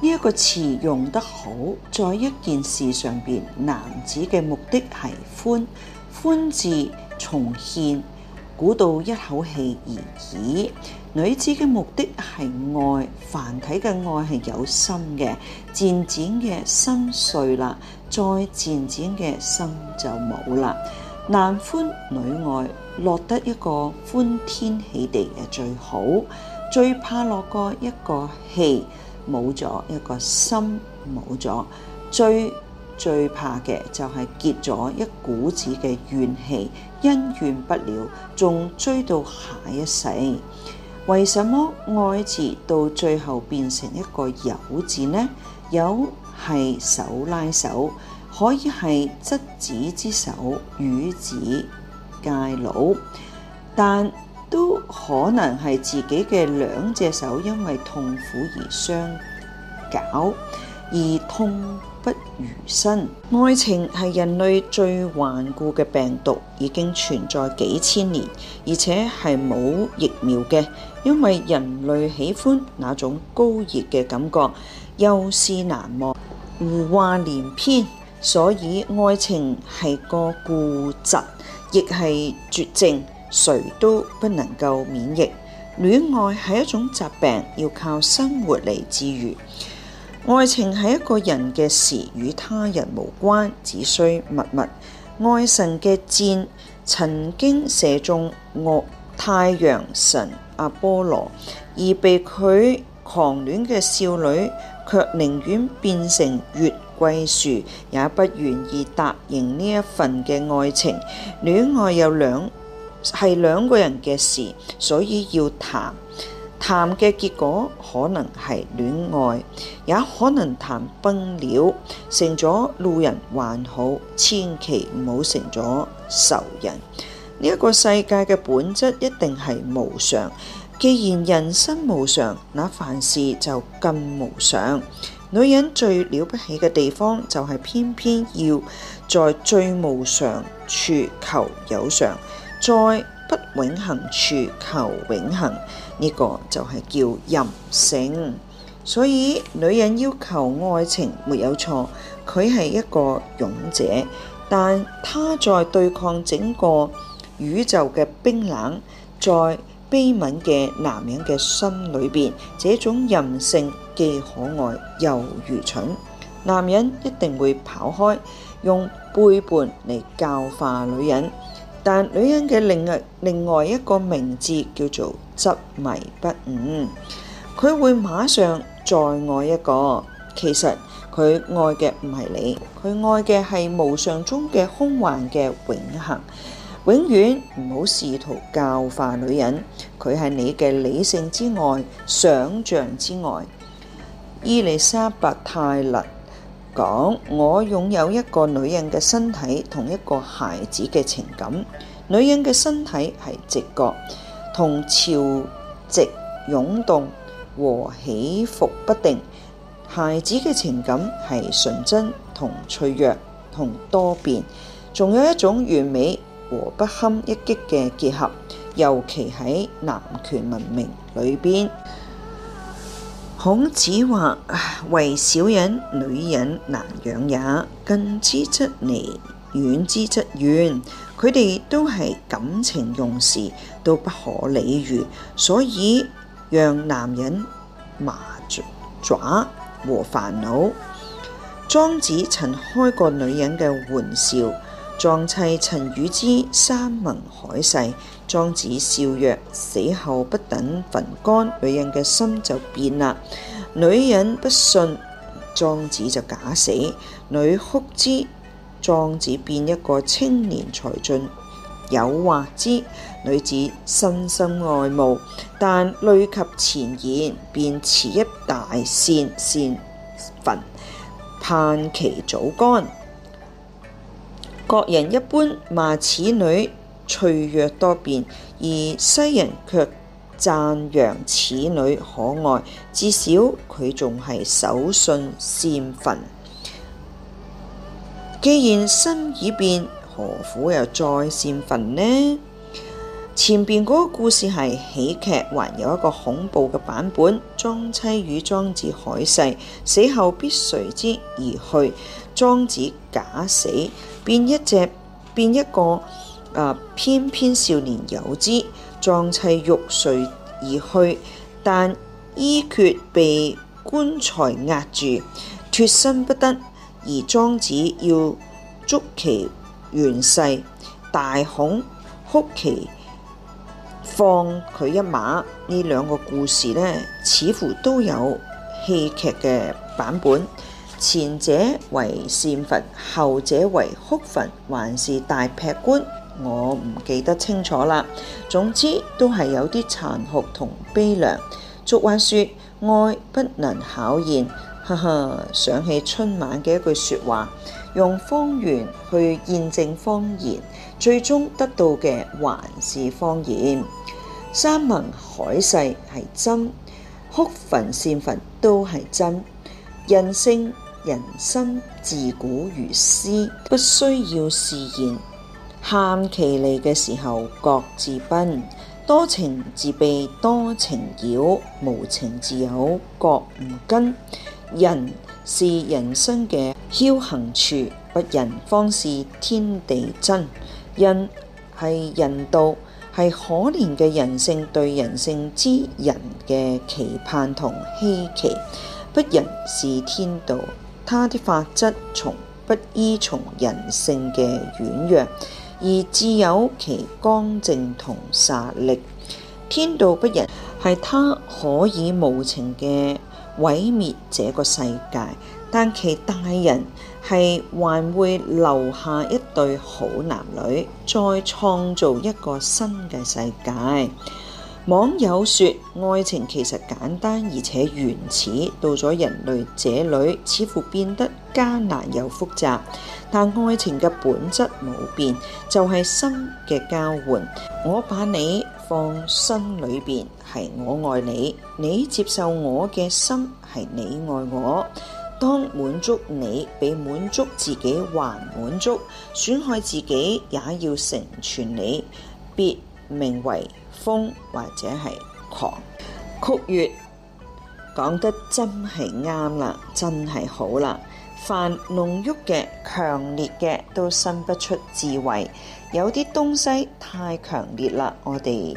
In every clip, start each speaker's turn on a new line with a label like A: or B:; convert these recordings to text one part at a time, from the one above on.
A: 呢一個詞用得好，在一件事上邊，男子嘅目的係歡，歡字重獻，估到一口氣而已。女子嘅目的係愛，繁體嘅愛係有心嘅，漸漸嘅心碎啦，再漸漸嘅心就冇啦。男歡女愛落得一個歡天喜地嘅最好，最怕落個一個氣。冇咗一個心，冇咗最最怕嘅就係、是、結咗一股子嘅怨氣，恩怨不了，仲追到下一世。為什麼愛字到最後變成一個友字呢？友係手拉手，可以係執子之手，與子偕老，但，都可能係自己嘅兩隻手因為痛苦而相搞，而痛不餘身。愛情係人類最頑固嘅病毒，已經存在幾千年，而且係冇疫苗嘅。因為人類喜歡那種高熱嘅感覺，憂思難忘，胡話連篇，所以愛情係個痼疾，亦係絕症。誰都不能夠免疫。戀愛係一種疾病，要靠生活嚟治愈。愛情係一個人嘅事，與他人無關，只需默默。愛神嘅箭曾經射中惡太陽神阿波羅，而被佢狂戀嘅少女卻寧願變成月桂樹，也不願意答應呢一份嘅愛情。戀愛有兩，係兩個人嘅事，所以要談，談嘅結果可能係戀愛，也可能談崩了，成咗路人還好，千祈唔好成咗仇人。呢、這、一個世界嘅本質一定係無常，既然人生無常，那凡事就更無常。女人最了不起嘅地方就係偏偏要在最無常處求有常。在不永恆處求永恆，呢、這個就係叫任性。所以女人要求愛情沒有錯，佢係一個勇者，但她在對抗整個宇宙嘅冰冷，在悲憫嘅男人嘅心裏邊，這種任性既可愛又愚蠢。男人一定會跑開，用背叛嚟教化女人。但女人嘅另外另外一個名字叫做執迷不悟，佢會馬上再愛一個，其實佢愛嘅唔係你，佢愛嘅係無常中嘅空幻嘅永恒，永遠唔好試圖教化女人，佢係你嘅理性之外，想象之外。伊麗莎白泰勒。講我擁有一個女人嘅身體同一個孩子嘅情感。女人嘅身體係直覺，同潮汐湧動和起伏不定；孩子嘅情感係純真同脆弱同多變，仲有一種完美和不堪一擊嘅結合，尤其喺男權文明裏邊。孔子話：唯小人，女人難養也。近之則離，遠之則怨。佢哋都係感情用事，都不可理喻，所以讓男人麻爪和煩惱。莊子曾開過女人嘅玩笑。莊妻陳與之山盟海誓，莊子笑曰：死後不等墳乾，女人嘅心就變啦。女人不信，莊子就假死。女哭之，莊子變一個青年才俊，誘惑之女子深深愛慕，但累及前言，便持一大扇扇墳，盼其早乾。國人一般罵此女脆弱多變，而西人却讚揚此女可愛。至少佢仲係守信扇墳。既然心已變，何苦又再扇墳呢？前面嗰個故事係喜劇，還有一個恐怖嘅版本。莊妻與莊子海誓，死後必隨之而去，莊子假死。變一隻，變一個，啊、呃！翩翩少年有之，莊妻欲隨而去，但衣袂被棺材壓住，脫身不得，而莊子要捉其元世，大恐，哭其放佢一馬，呢兩個故事呢，似乎都有戲劇嘅版本。前者為扇墳，後者為哭墳，還是大劈棺？我唔記得清楚啦。總之都係有啲殘酷同悲涼。俗話說愛不能考驗，呵呵，想起春晚嘅一句說話，用謊言去驗證謊言，最終得到嘅還是謊言。山盟海誓係真，哭墳扇墳都係真，人性。人生自古如斯，不需要誓言。喊其利嘅時候各自奔，多情自悲，多情擾，無情自有各唔根。人是人生嘅僥倖處，不仁方是天地真。人係人道，係可憐嘅人性對人性之人嘅期盼同稀奇。不仁是天道。他的法則從不依從人性嘅軟弱，而自有其剛正同殺力。天道不仁，係他可以無情嘅毀滅這個世界，但其大人係還會留下一對好男女，再創造一個新嘅世界。網友說：愛情其實簡單，而且原始，到咗人類這裏，似乎變得艱難又複雜。但愛情嘅本質冇變，就係心嘅交換。我把你放心裏邊，係我愛你；你接受我嘅心，係你愛我。當滿足你比滿足自己還滿足，損害自己也要成全你，別名為。瘋或者係狂，曲月講得真係啱啦，真係好啦。凡濃郁嘅、強烈嘅都生不出智慧。有啲東西太強烈啦，我哋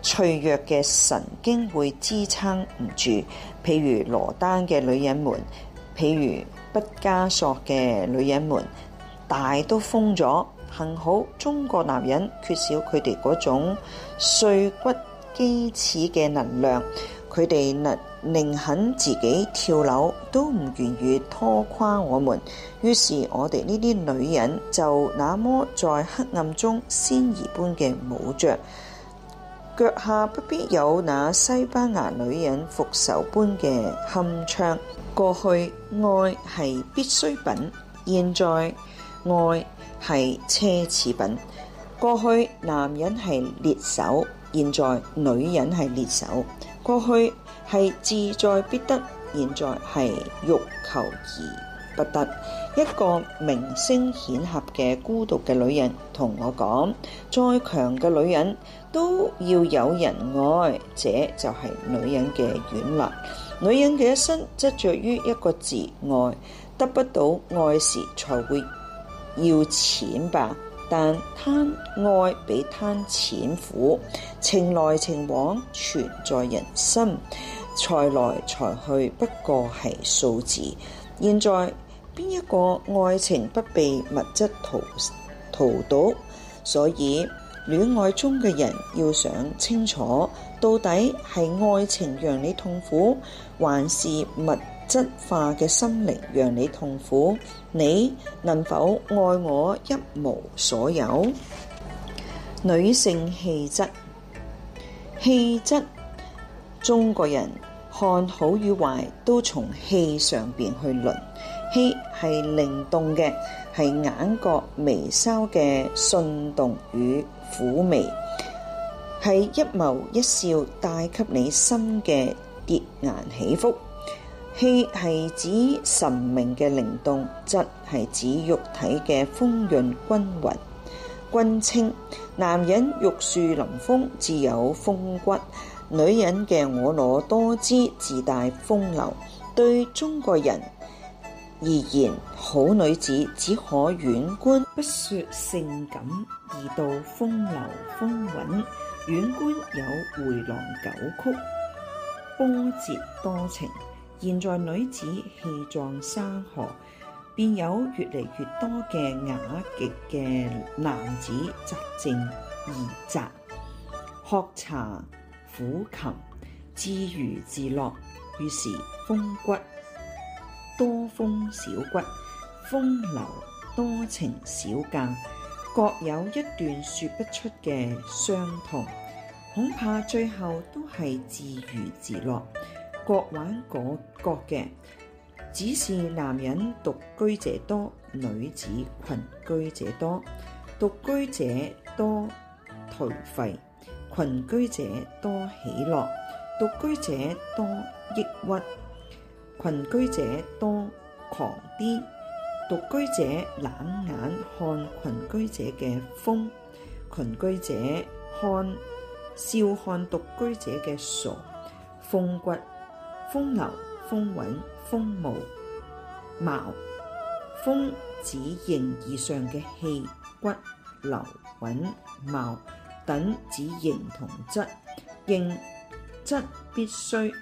A: 脆弱嘅神經會支撐唔住。譬如羅丹嘅女人們，譬如畢加索嘅女人們，大都瘋咗。幸好中國男人缺少佢哋嗰種碎骨肌齒嘅能量，佢哋能寧肯自己跳樓，都唔願意拖垮我們。於是，我哋呢啲女人就那麼在黑暗中仙兒般嘅舞著，腳下不必有那西班牙女人復仇般嘅鏗鏘。過去愛係必需品，現在愛係奢侈品。過去男人係獵手，現在女人係獵手。過去係志在必得，現在係欲求而不得。一個名聲顯赫嘅孤獨嘅女人同我講：再強嘅女人都要有人愛，這就係女人嘅軟肋。女人嘅一生執著於一個字愛，得不到愛時，才會。要錢吧，但貪愛比貪錢苦，情來情往存在人心，財來財去不過係數字。現在邊一個愛情不被物質荼毒到？所以戀愛中嘅人要想清楚，到底係愛情讓你痛苦，還是物質化嘅心靈讓你痛苦，你能否愛我一無所有？女性氣質，氣質，中國人看好與壞都從氣上面去論。氣係靈動嘅，係眼角眉梢嘅順動與嫵媚，係一眸一笑帶給你心嘅跌宕起伏。氣係指神明嘅靈動，質係指肉體嘅豐潤均勻。均稱男人玉樹臨風，自有風骨；女人嘅婀娜多姿，自帶風流。對中國人而言，好女子只可遠觀，不說性感，而道風流風韻。遠觀有回廊九曲，波折多情。現在女子氣壯山河，便有越嚟越多嘅雅極嘅男子習症。而習，學茶、苦琴，自娛自樂。於是風骨多風少骨，風流多情少間，各有一段説不出嘅傷痛，恐怕最後都係自娛自樂。各玩各，各嘅。只是男人獨居者多，女子群居者多。獨居者多頹廢，群居者多喜樂。獨居者多抑鬱，群居者多狂癲。獨居者冷眼看群居者嘅瘋，群居者看笑看獨居者嘅傻風骨。風流、風韻、風貌、貌，風指形而以上嘅氣骨，流韻貌等指形同質，形質必須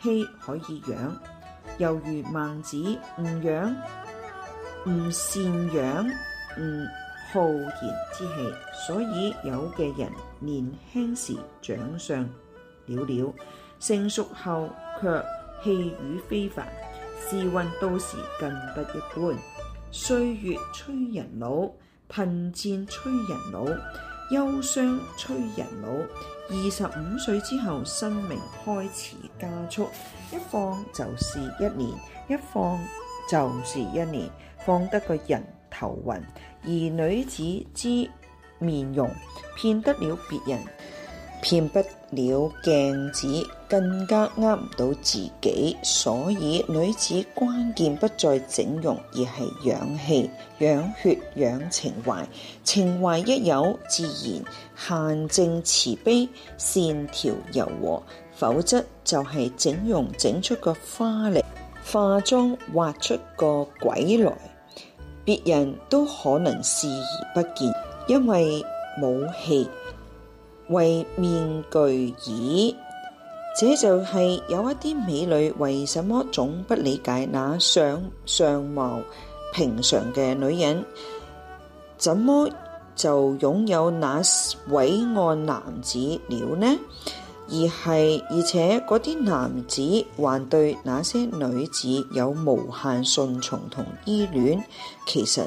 A: 氣可以養，猶如孟子唔養唔善養唔浩然之氣，所以有嘅人年輕時長相了了。成熟後卻氣宇非凡，時運到時更不一般。歲月催人老，貧賤催人老，憂傷催人老。二十五歲之後，生命開始加速，一放就是一年，一放就是一年，放得個人頭暈。而女子之面容，騙得了別人，騙不了鏡子，更加呃唔到自己，所以女子關鍵不在整容，而係養氣、養血、養情懷。情懷一有，自然閒靜慈悲，線條柔和。否則就係整容整出個花嚟，化妝畫出個鬼來，別人都可能視而不見，因為冇氣。為面具耳，這就係有一啲美女為什麼總不理解那相相貌平常嘅女人，怎麼就擁有那偉岸男子了呢？而係而且嗰啲男子還對那些女子有無限順從同依戀，其實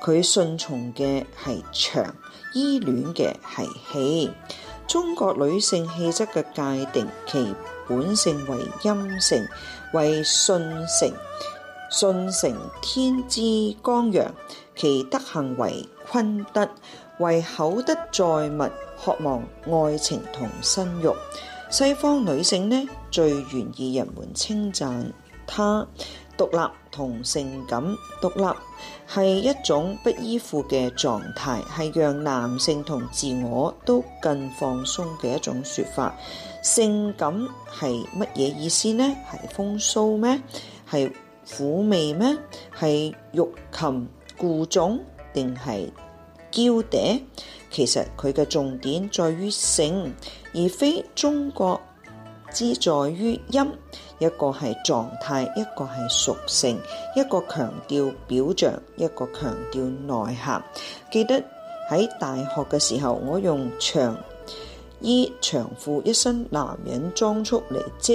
A: 佢順從嘅係長。依戀嘅係氣，中國女性氣質嘅界定，其本性為陰性，為順承，順承天之剛陽，其德行為坤德，為厚德載物，渴望愛情同生育。西方女性呢，最願意人們稱讚她。獨立同性感，獨立係一種不依附嘅狀態，係讓男性同自我都更放鬆嘅一種説法。性感係乜嘢意思呢？係風騷咩？係苦味咩？係欲擒故縱定係嬌嗲？其實佢嘅重點在於性，而非中國。之在於音，一個係狀態，一個係屬性，一個強調表象，一個強調內涵。記得喺大學嘅時候，我用長衣長褲一身男人裝束嚟遮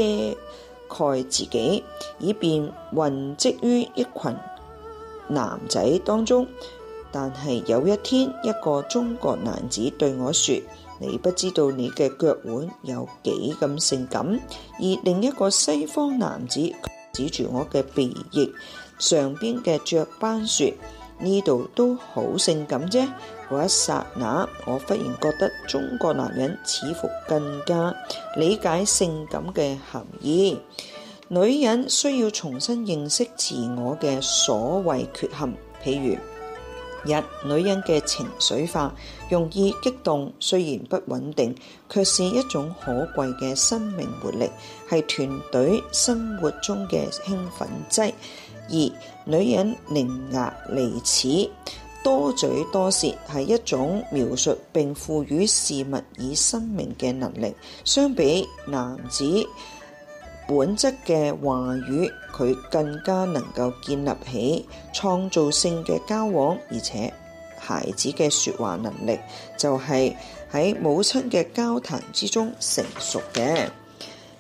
A: 蓋自己，以便混跡於一群男仔當中。但係有一天，一個中國男子對我說。你不知道你嘅腳腕有幾咁性感，而另一個西方男子指住我嘅鼻翼上邊嘅雀斑說：呢度都好性感啫。我一剎那，我忽然覺得中國男人似乎更加理解性感嘅含義。女人需要重新認識自我嘅所謂缺陷，譬如。一、女人嘅情緒化容易激動，雖然不穩定，卻是一種可貴嘅生命活力，係團隊生活中嘅興奮劑。二、女人伶牙俐齒，多嘴多舌，係一種描述並賦予事物以生命嘅能力，相比男子，本質嘅話語，佢更加能夠建立起創造性嘅交往，而且孩子嘅說話能力就係喺母親嘅交談之中成熟嘅。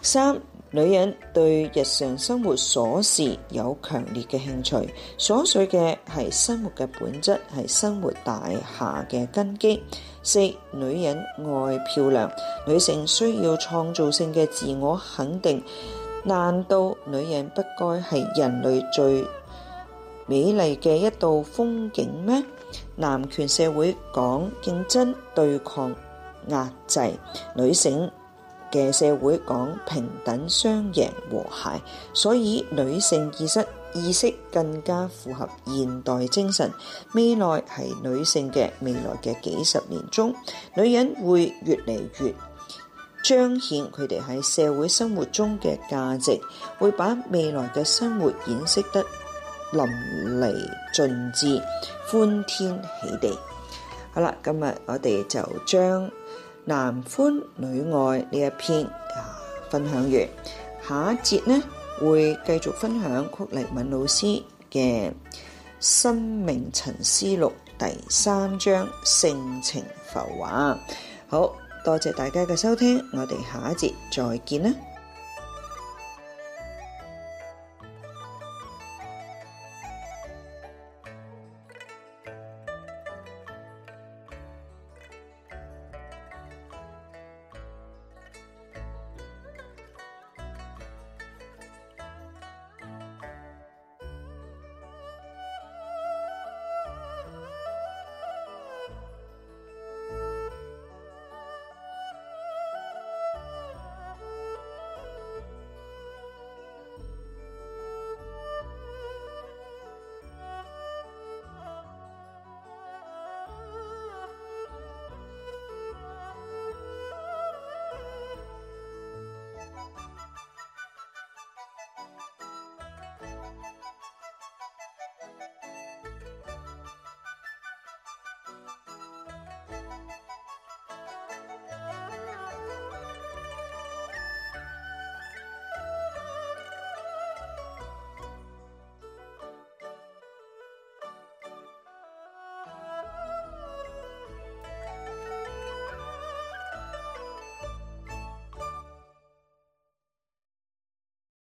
A: 三女人對日常生活瑣事有強烈嘅興趣，瑣碎嘅係生活嘅本質，係生活大廈嘅根基。四、女人愛漂亮，女性需要創造性嘅自我肯定。難道女人不該係人類最美麗嘅一道風景咩？男權社會講競爭、對抗、壓制女性。嘅社會講平等、雙贏、和諧，所以女性意識意識更加符合現代精神。未來係女性嘅，未來嘅幾十年中，女人會越嚟越彰顯佢哋喺社會生活中嘅價值，會把未來嘅生活演飾得淋漓盡致、歡天喜地。好啦，今日我哋就將。男歡女愛呢一篇啊，分享完，下一節呢會繼續分享曲黎敏老師嘅《生命沉思錄》第三章性情浮華。好多謝大家嘅收聽，我哋下一節再見啦。